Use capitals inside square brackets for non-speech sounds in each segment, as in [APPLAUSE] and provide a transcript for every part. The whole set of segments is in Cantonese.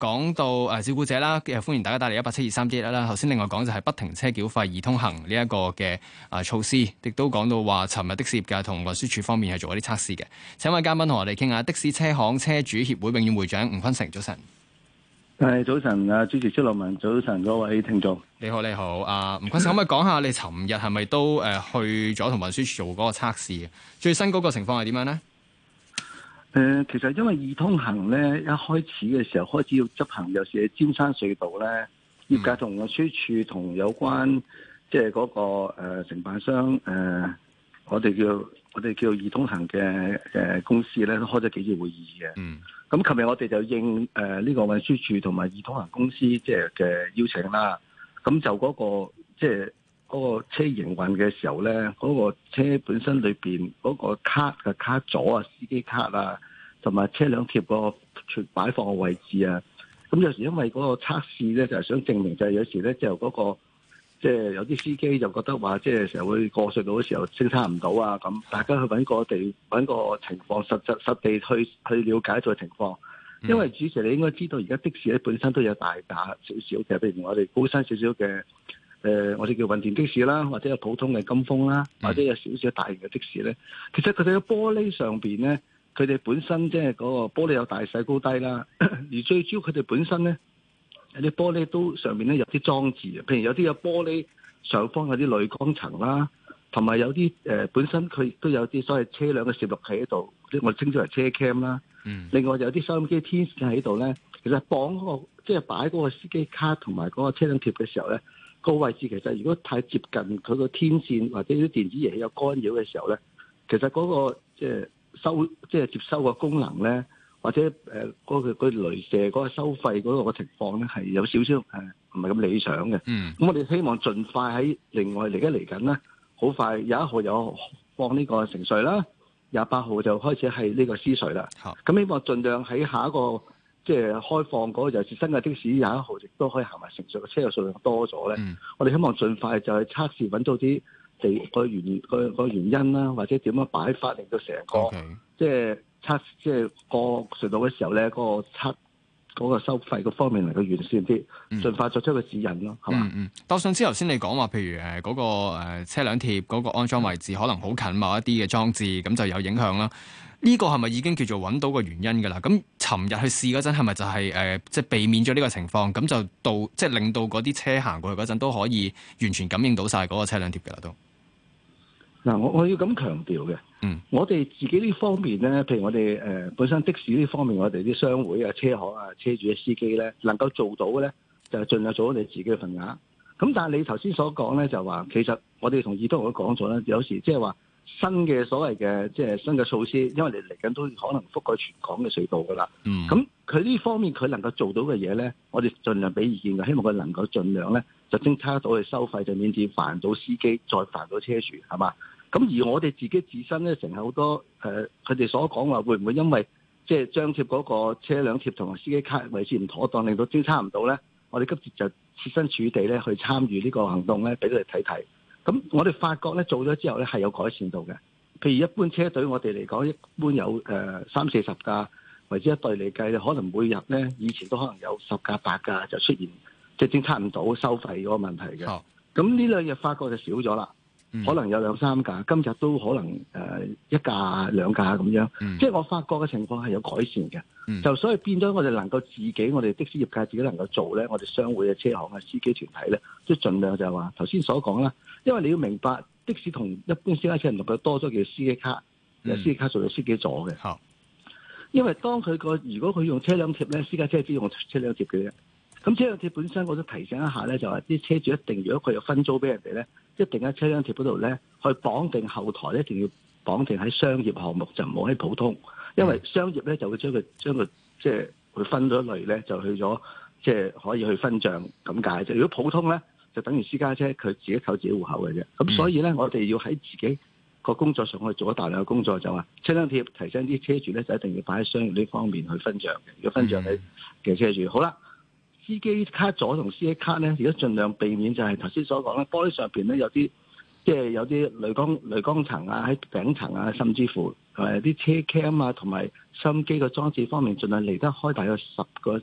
講到誒，照顧者啦，歡迎大家打嚟一八七二三一一啦。頭先另外講就係不停車繳費而通行呢一個嘅誒措施，亦都講到話，尋日的士業界同運輸署方面係做一啲測試嘅。請位嘉賓同我哋傾下的士車行車主協會永遠會長吳坤成，早晨。誒，早晨啊，主持朱樂文，早晨，各位聽眾，你好，你好，阿吳坤成，可唔可以講下你尋日係咪都誒去咗同運輸署做嗰個測試？最新嗰個情況係點樣咧？誒、呃，其實因為易通行咧，一開始嘅時候開始要執行，尤其係喺尖山隧道咧，業界同運輸署同有關，即係嗰個誒、呃、承辦商誒、呃，我哋叫我哋叫易通行嘅誒、呃、公司咧，都開咗幾次會議嘅。嗯，咁琴日我哋就應誒呢、呃這個運輸署同埋易通行公司即係嘅邀請啦，咁就嗰、那個即係。就是嗰、那個車營運嘅時候咧，嗰、那個車本身裏面嗰個卡嘅卡座啊、司機卡啊，同埋車輛貼個擺放嘅位置啊，咁有時因為嗰個測試咧，就係、是、想證明就係有時咧就嗰、是那個即係、就是、有啲司機就覺得話即係成日會過隧道嘅時候偵測唔到啊咁，大家去揾個地揾個情況實質實地去去了解一情況、嗯，因為主持你應該知道而家的士咧本身都有大架少少嘅，譬如我哋高山少少嘅。誒、呃，我哋叫運電的士啦，或者有普通嘅金峰啦，或者有少少大型嘅的，的士咧。其實佢哋嘅玻璃上面咧，佢哋本身即係嗰個玻璃有大細高低啦。而最主要佢哋本身咧，有啲玻璃都上面咧有啲裝置，譬如有啲有玻璃上方有啲濾光層啦，同埋有啲誒、呃、本身佢都有啲所謂車輛嘅攝錄器喺度，即係我哋稱之為車 cam 啦、嗯。另外有啲收音機天線喺度咧，其實綁嗰、那個即係、就是、擺嗰個司機卡同埋嗰個車輛貼嘅時候咧。個位置其實如果太接近佢個天線或者啲電子儀器有干擾嘅時候咧，其實嗰個即係收，即係接收個功能咧，或者誒嗰個，嗰雷射嗰個收費嗰個情況咧係有少少誒唔係咁理想嘅。嗯，咁我哋希望盡快喺另外嚟緊嚟緊咧，好快廿一號有放呢個城隧啦，廿八號就開始係呢個獅隧啦。咁希望儘量喺下一個。即係開放嗰個就係新嘅的，的士廿一號，亦都可以行埋成條嘅車嘅數量多咗咧、嗯。我哋希望盡快就係測試，揾到啲地個原個、嗰個原因啦，或者點樣擺法令到成個、okay. 即係測即係個隧道嘅時候咧，嗰、嗰個測、嗰個收費個方面能夠完善啲、嗯，盡快作出個指引咯，係嘛？嗯嗯。加之頭先你講話，譬如誒嗰、嗰個誒車輛貼嗰、嗰個安裝位置，可能好近某一啲嘅裝置，咁就有影響啦。呢、這個係咪已經叫做揾到個原因㗎啦？咁尋日去試嗰陣係咪就係誒即係避免咗呢個情況？咁就到即係、就是、令到嗰啲車行過去嗰陣都可以完全感應到晒嗰個車輛貼嘅啦都。嗱，我我要咁強調嘅，嗯，我哋自己呢方面咧，譬如我哋誒、呃、本身的士呢方面，我哋啲商會啊、車行啊、車主嘅司機咧，能夠做到嘅咧，就係盡量做好你自己嘅份額。咁但係你頭先所講咧，就話其實我哋同二東我都講咗啦，有時即係話。新嘅所謂嘅即係新嘅措施，因為你嚟緊都可能覆蓋全港嘅隧道噶啦。嗯。咁佢呢方面佢能夠做到嘅嘢咧，我哋盡量俾意見嘅，希望佢能夠盡量咧就偵查到去收費，就免至煩到司機，再煩到車主，係嘛？咁而我哋自己自身咧，成日好多誒，佢、呃、哋所講話會唔會因為即係張貼嗰個車輛貼同埋司機卡位置唔妥當，令到偵查唔到咧？我哋今次就設身處地咧去參與呢個行動咧，俾佢哋睇睇。咁我哋發覺咧做咗之後咧係有改善到嘅，譬如一般車隊我哋嚟講，一般有誒、呃、三四十架為之一隊嚟計，可能每日咧以前都可能有十架八架就出現即係偵測唔到收費嗰個問題嘅，咁、哦、呢兩日發覺就少咗啦。嗯、可能有兩三架，今日都可能誒、呃、一架兩架咁樣，嗯、即係我發覺嘅情況係有改善嘅、嗯，就所以變咗我哋能夠自己，我哋的士業界自己能夠做咧，我哋商會嘅車行嘅司機團體咧，都盡量就話頭先所講啦，因為你要明白的士同一般私家車唔同嘅，多咗叫司機卡、嗯，司機卡數就司機座嘅，因為當佢個如果佢用車輛貼咧，私家車只用車輛貼嘅啫，咁車輛貼本身我都提醒一下咧，就話啲車主一定如果佢有分租俾人哋咧。一定喺車輛貼嗰度咧，去綁定後台一定要綁定喺商業項目，就唔好喺普通，因為商業咧就會將佢將佢即係佢分咗類咧，就去咗即係可以去分賬咁解啫。如果普通咧，就等於私家車，佢自己扣自己戶口嘅啫。咁所以咧，mm. 我哋要喺自己個工作上，去做咗大量嘅工作，就話車輛貼提升啲車主咧，就一定要擺喺商業呢方面去分賬嘅。如果分賬喺嘅車主，好啦。機司機卡左同 c 機卡咧，而家盡量避免就係頭先所講咧，玻璃上邊咧有啲，即係有啲雷光雷光層啊，喺頂層啊，甚至乎誒啲車 cam 啊，同埋收音機嘅裝置方面，盡量離得開大約十個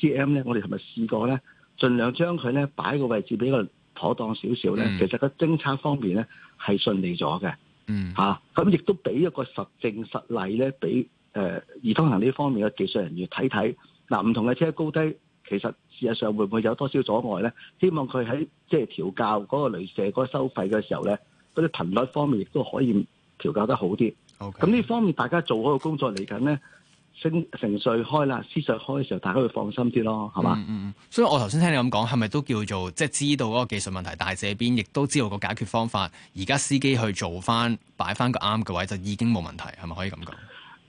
cm 咧。我哋係咪試過咧，盡量將佢咧擺個位置比較妥當少少咧？其實個偵測方面咧係順利咗嘅。嗯，嚇咁亦都俾一個實證實例咧，俾誒、呃、易通行呢方面嘅技術人員睇睇。嗱、啊，唔同嘅車高低。其實事實上會唔會有多少阻礙咧？希望佢喺即係調校嗰個雷射嗰個收費嘅時候咧，嗰啲頻率方面亦都可以調教得好啲。O K。咁呢方面大家做好個工作嚟緊咧，城隧開啦，獅隧開嘅時候，大家會放心啲咯，係、嗯、嘛？嗯嗯。所以我頭先聽你咁講，係咪都叫做即係、就是、知道嗰個技術問題大隻邊，亦都知道個解決方法，而家司機去做翻擺翻個啱嘅位，就已經冇問題，係咪可以咁講？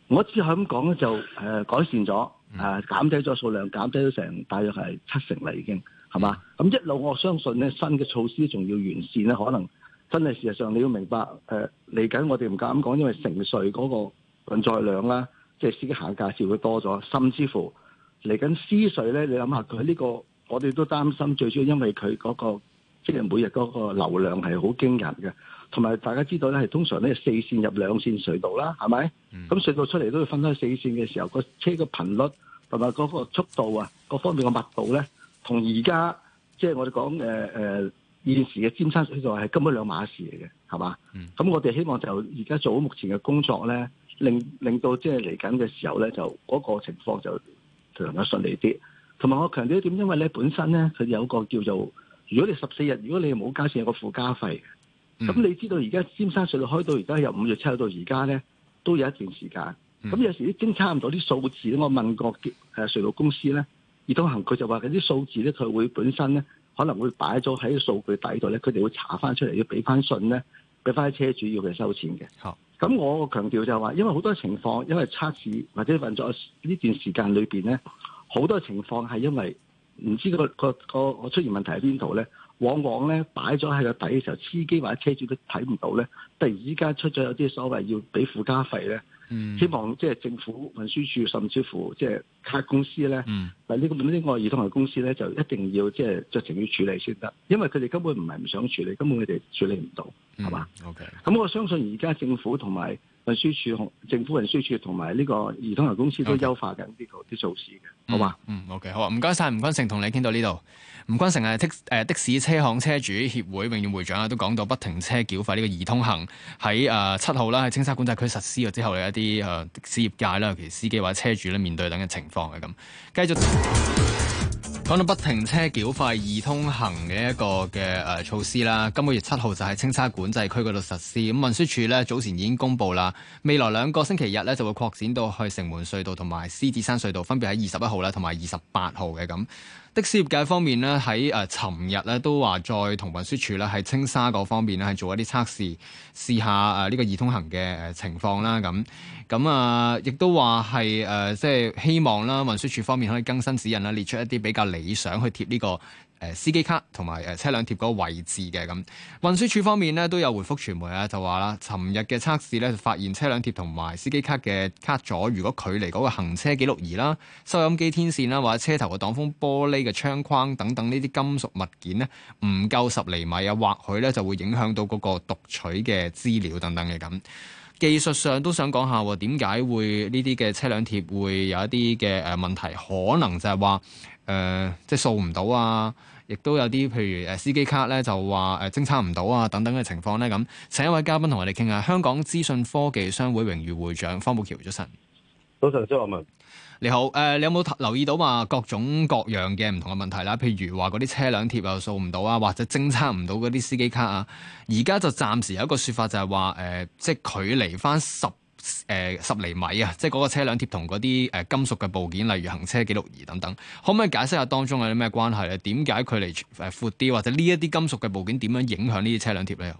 我只係咁講咧，就、呃、誒改善咗，誒、呃、減低咗數量，減低咗成大約係七成啦，已經係嘛？咁一路我相信咧，新嘅措施仲要完善咧，可能真係事實上你要明白誒嚟緊，呃、我哋唔敢咁講，因為城隧嗰個運載量啦，即係司機限介紹會多咗，甚至乎嚟緊獅隧咧，你諗下佢呢個，我哋都擔心，最主要因為佢嗰、那個即係、就是、每日嗰個流量係好驚人嘅。同埋大家知道咧，係通常咧四線入兩線隧道啦，係咪？咁、嗯、隧道出嚟都要分開四線嘅時候，個車嘅頻率同埋嗰個速度啊，各方面嘅密度咧，同而家即係我哋講誒誒現時嘅尖山隧道係根本兩碼事嚟嘅，係嘛？咁、嗯、我哋希望就而家做好目前嘅工作咧，令令到即係嚟緊嘅時候咧，就嗰、那個情況就能夠順利啲。同埋我強調一點，因為咧本身咧佢有個叫做，如果你十四日如果你冇加線，有個附加費。咁、嗯、你知道而家尖山隧道開到而家由五月七號到而家咧，都有一段時間。咁、嗯嗯、有時啲爭差唔多啲數字我問過誒隧道公司咧，易通行佢就話嗰啲數字咧，佢會本身咧可能會擺咗喺數據底度咧，佢哋會查翻出嚟要俾翻信咧，俾翻車主要佢收錢嘅。好。咁我強調就係話，因為好多情況，因為測試或者運作呢段時間裏面咧，好多情況係因為唔知個個個出現問題喺邊度咧。往往咧擺咗喺個底嘅時候，司機或者車主都睇唔到咧。突然之間出咗有啲所謂要俾附加費咧、嗯，希望即係政府運輸署甚至乎即係卡公司咧，嗱、嗯、呢、這個易通行嘅公司咧就一定要即係酌情要處理先得，因為佢哋根本唔係唔想處理，根本佢哋處理唔到，係、嗯、嘛？OK、嗯。咁我相信而家政府同埋。運輸署、政府運輸署同埋呢個易通行公司都優化緊呢啲措施嘅，okay. 好嘛？嗯,嗯，OK，好啊，唔該晒，吳坤成同你傾到呢度。吳坤成係的誒的士車行車主協會永遠會長啊，都講到不停車繳費呢個易通行喺誒七號啦，喺、呃、青沙管制區實施咗之後嘅一啲誒的士業界啦，尤其司機或者車主咧面對等嘅情況咁，繼續。 [MUSIC] 講到不停車繳費易通行嘅一個嘅誒措施啦，今個月七號就喺青沙管制區嗰度實施。咁運輸署呢，早前已經公布啦，未來兩個星期日呢就會擴展到去城門隧道同埋獅子山隧道，分別喺二十一號啦同埋二十八號嘅，咁。的士業界方面呢，喺誒尋日呢都話再同運輸署呢喺青沙嗰方面呢係做一啲測試，試下誒呢個易通行嘅誒情況啦。咁咁啊，亦都話係誒即係希望啦，運輸署方面可以更新指引啦，列出一啲比較。你想去貼呢個誒司機卡同埋誒車輛貼嗰個位置嘅。咁運輸署方面咧，都有回復傳媒啊，就話啦，尋日嘅測試咧，發現車輛貼同埋司機卡嘅卡座，如果距離嗰個行車記錄儀啦、收音機天線啦或者車頭嘅擋風玻璃嘅窗框等等呢啲金屬物件呢，唔夠十厘米啊，或許呢就會影響到嗰個讀取嘅資料等等嘅。咁。技術上都想講下喎，點解會呢啲嘅車輛貼會有一啲嘅誒問題？可能就係話誒，即、呃、係、就是、掃唔到啊！亦都有啲譬如誒司機卡咧，就話誒偵測唔到啊等等嘅情況咧。咁請一位嘉賓同我哋傾下，香港資訊科技商會榮譽會長方保僑先生。早晨，周立文。你好，誒、呃，你有冇留意到話各種各樣嘅唔同嘅問題啦？譬如話嗰啲車輛貼又掃唔到啊，或者偵測唔到嗰啲司機卡啊。而家就暫時有一個説法就是說，就係話誒，即係距離返十誒、呃、十厘米啊，即係嗰個車輛貼同嗰啲誒金屬嘅部件，例如行車記錄儀等等，可唔可以解釋下當中有啲咩關係咧？點解距離誒闊啲，或者呢一啲金屬嘅部件點樣影響呢啲車輛貼咧？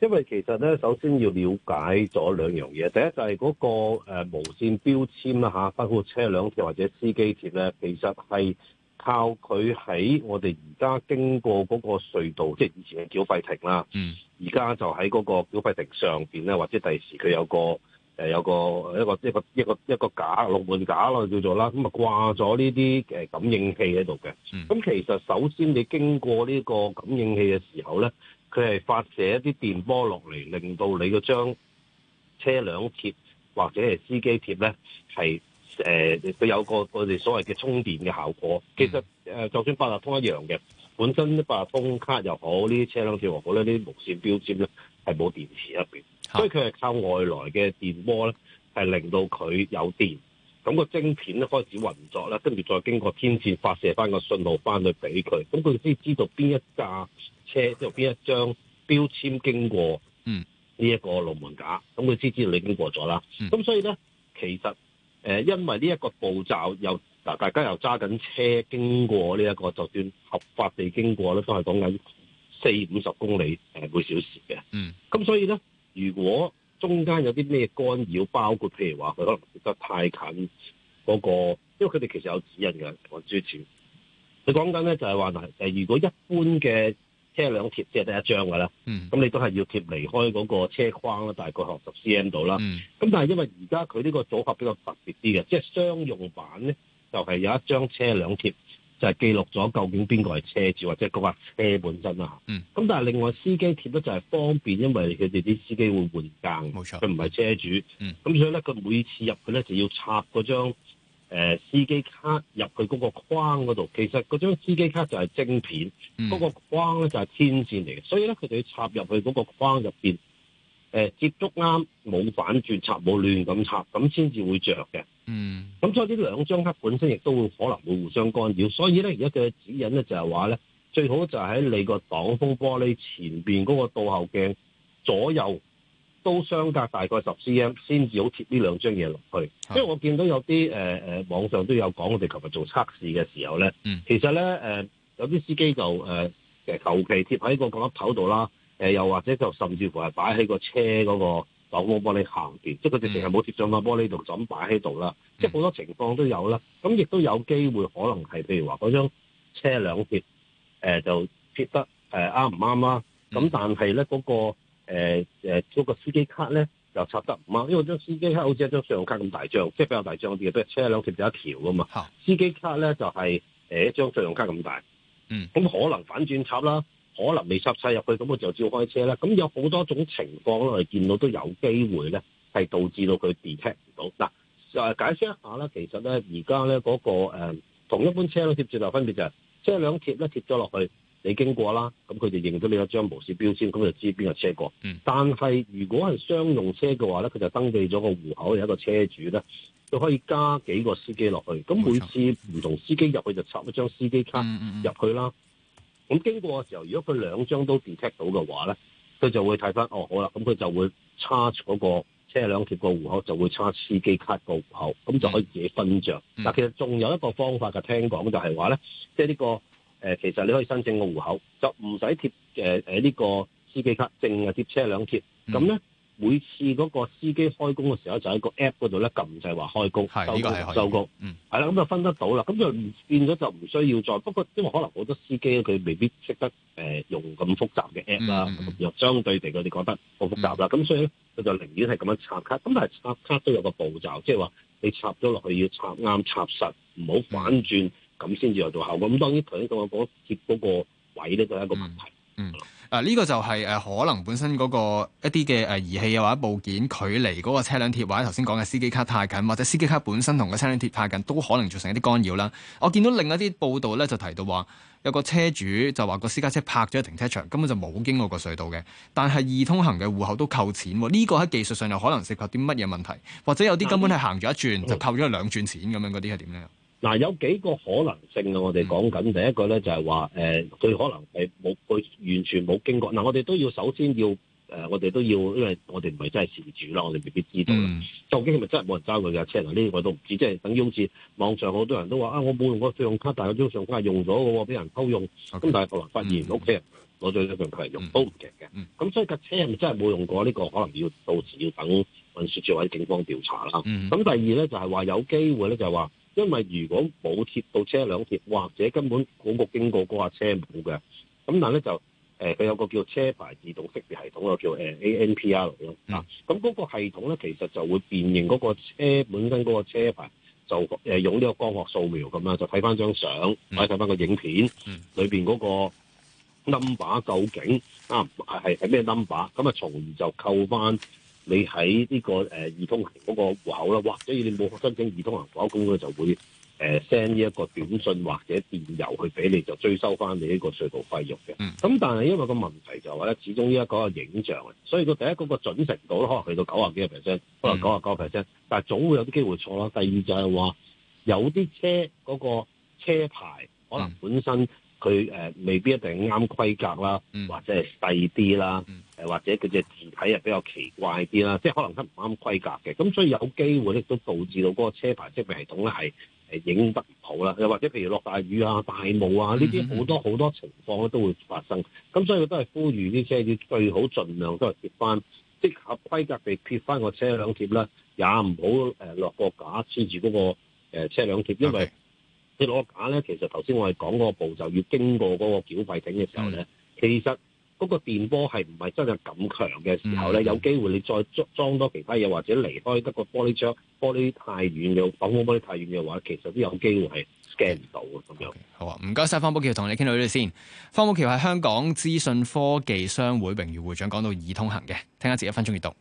因為其實咧，首先要了解咗兩樣嘢。第一就係嗰、那個誒、呃、無線標籤啦，嚇、啊，包括車輛貼或者司機貼咧，其實係靠佢喺我哋而家經過嗰個隧道，即係以前嘅繳費亭啦。嗯。而家就喺嗰個繳費亭上面咧，或者第時佢有個、呃、有個一個一個一個一個架龍門架咯，叫做啦。咁、嗯、啊，掛咗呢啲感應器喺度嘅。咁、嗯、其實首先你經過呢個感應器嘅時候咧。佢係發射一啲電波落嚟，令到你個張車輛貼或者係司機貼咧，係誒佢有個我哋所謂嘅充電嘅效果。其實誒，就算八達通一樣嘅，本身八達通卡又好，呢啲車輛貼又好咧，呢啲無線標籤咧係冇電池入面、啊。所以佢係靠外來嘅電波咧，係令到佢有電，咁、個晶片咧開始運作啦，跟住再經過天線發射翻個信號翻去俾佢，咁佢哋先知道邊一架車之後邊一張標籤經過呢一個龍門架，咁、嗯、佢知知道你經過咗啦。咁、嗯、所以咧，其實誒、呃，因為呢一個步驟又嗱，大家又揸緊車經過呢、這、一個，就算合法地經過咧，都係講緊四五十公里誒、呃、每小時嘅。咁、嗯、所以咧，如果中間有啲咩干擾，包括譬如話佢可能行得太近嗰、那個，因為佢哋其實有指引嘅。我知住你講緊咧，說就係話誒，如果一般嘅。車輛貼即係得一張㗎啦，咁、嗯、你都係要貼離開嗰個車框啦，大概六十 cm 到啦。咁、嗯、但係因為而家佢呢個組合比較特別啲嘅，即係商用版咧，就係有一張車輛貼就係、是、記錄咗究竟邊個係車主或者嗰架車本身啦嚇。咁、嗯、但係另外司機貼咧就係方便，因為佢哋啲司機會換更，佢唔係車主，咁、嗯、所以咧佢每次入去咧就要插嗰張。誒、呃，司機卡入去嗰個框嗰度，其實嗰張司機卡就係晶片，嗰、嗰個框咧就係天線嚟嘅，嗯，所以咧佢就要插入去嗰個框入邊，誒、呃、接觸啱，冇反轉插，冇亂咁插，咁先至會着嘅。嗯，咁所以呢兩張卡本身亦都會可能會互相干擾，所以咧而家佢嘅指引咧就係話咧，最好就喺你個擋風玻璃前邊嗰個倒後鏡左右。都相隔大概十 cm 先至好貼呢兩張嘢落去，因為我見到有啲誒誒網上都有講，我哋琴日做測試嘅時候咧、嗯，其實咧誒、呃、有啲司機就誒，其求其貼喺個角落頭度啦，誒、呃、又或者就甚至乎係擺喺個車嗰個防風玻璃下邊，即係佢哋淨係冇貼上個玻璃度就咁擺喺度啦，即係好多情況都有啦。咁、嗯、亦都有機會可能係譬如話嗰張車輛貼、呃、就貼得誒啱唔啱啦。咁、呃啊嗯、但係咧嗰個、呃嗰、那個司機卡咧又插得唔啱，因為張司機卡好似一張信用卡咁大張，即係比較大張啲嘅，都係車輛貼就一條噶嘛、啊。司機卡咧就係、是、一張信用卡咁大，嗯，咁可能反轉插啦，可能未插晒入去，咁我就照開車啦。咁有好多種情況啦，我哋見到都有機會咧，係導致到佢 detect 唔到。嗱、啊，就解釋一下啦，其實咧而家咧嗰個、嗯、同一般車輛貼住就分別就係、是、車輛貼咧貼咗落去。你經過啦，咁佢就認到你有張無線標籤，咁就知邊個車過。嗯、但係如果係商用車嘅話呢，佢就登記咗個戶口，有一個車主呢，就可以加幾個司機落去。咁每次唔同司機入去就插一張司機卡入去啦。咁、嗯嗯嗯、經過嘅時候，如果佢兩張都 detect 到嘅話呢，佢就會睇翻，哦，好啦，咁佢就會 charge 嗰個車輛嘅個戶口，就會 charge 司機卡個戶口，咁就可以自己分賬、嗯、但其實仲有一個方法嘅，聽講就係話呢，即係呢個。誒，其實你可以申請個戶口，就唔使貼誒呢個司機卡，淨係貼車輛貼。咁、嗯、咧，每次嗰個司機開工嘅時候，就喺個 app 嗰度咧撳就係、是、話開工收工、這個、收工。嗯，係、嗯、啦，咁就分得到啦。咁就變咗就唔需要再不過，因為可能好多司機佢未必識得誒、呃、用咁複雜嘅 app 啦、嗯，又相對地佢哋覺得好複雜啦。咁、嗯嗯、所以咧，佢就寧願係咁樣插卡。咁但係插卡都有個步驟，即係話你插咗落去要插啱插實，唔好反轉。嗯嗯咁先至有到效果，咁當然同呢個嗰貼嗰個位咧就係一個問題。嗯，嗯啊呢、呢個就係、是、誒可能本身嗰個一啲嘅誒儀器啊或者部件距離嗰個車輛貼或者頭先講嘅司機卡太近，或者司機卡本身同個車輛貼太近，都可能造成一啲干擾啦。我見到另一啲報道咧就提到話，有個車主就話個私家車泊咗喺停車場，根本就冇經過個隧道嘅，但係易通行嘅戶口都扣錢。呢、呢個喺技術上又可能涉及啲乜嘢問題，或者有啲根本係行咗一轉就扣咗兩轉錢咁樣嗰啲係點咧？嗱、啊，有幾個可能性我哋講緊第一個咧就係話，最、呃、佢可能係冇，佢完全冇經過。嗱、啊，我哋都要首先要，呃、我哋都要，因為我哋唔係真係事主啦，我哋未必知道啦、嗯。究竟係咪真係冇人揸佢架車呢？呢、這、啲、個、都唔知，即、就、係、是、等於好似網上好多人都話啊，我冇用過信用卡，但係嗰張信用卡用咗喎，俾人偷用。咁、嗯、但係可能發現、嗯、，屋企人攞咗張信用卡嚟用都唔勁嘅。咁、嗯嗯、所以架車係咪真係冇用過、這個？呢個可能要到時要等運輸署或者警方調查啦。咁、嗯、第二咧就係話有機會咧就係話。因為如果冇貼到車輛貼，或者根本冇駕經過嗰架車冇嘅，咁但係咧就誒佢、呃、有個叫做車牌自動識別系統啊，叫誒 A N P R 咯、嗯，啊，咁嗰個系統咧其實就會辨認嗰個車本身嗰個車牌，就誒、呃、用呢個光學掃描咁樣就睇翻張相，或者睇翻個影片裏邊嗰個 number 究竟啊係係咩 number，咁啊從而就扣翻。你喺呢、這個誒易、呃、通行嗰個戶口啦，或者如你冇申請易通行戶口，咁佢就會誒 send 呢一個短信或者電郵去俾你，就追收翻你呢個隧道費用嘅。咁、mm. 嗯、但係因為個問題就係、是、咧，始終呢一個影像啊，所以個第一嗰個，個準確度咧，可能去到九啊幾個 percent，可能九啊九個 percent，但係總會有啲機會錯啦。第二就係話有啲車嗰、那個車牌可能本身、mm.。佢誒、呃、未必一定啱規格啦，嗯、或者係細啲啦，誒、嗯、或者佢隻字體係比較奇怪啲啦，即係可能都唔啱規格嘅。咁所以有機會咧都導致到嗰個車牌識別系統咧係誒影得唔好啦。又或者譬如落大雨啊、大霧啊，呢啲好多好多情況咧都會發生。咁、嗯嗯、所以佢都係呼籲啲車主最好儘量都係貼翻適合規格嘅，貼翻個車輛貼啦，也唔好誒落個假黐住嗰個誒、呃、車輛貼，因為、okay.。你攞個架咧、嗯，其實頭先我哋講嗰個步驟要經過嗰個繳費亭嘅時候咧，其實嗰個電波係唔係真係咁強嘅時候咧、嗯嗯，有機會你再裝裝多其他嘢，或者離開得個玻璃窗玻璃太遠嘅擋風玻璃太遠嘅話，其實都有機會係 scan 唔到嘅咁樣。好啊，唔該晒方保僑，同你傾到呢度先。方保僑係香港資訊科技商會榮譽會長，講到易通行嘅聽一節一分鐘閱讀。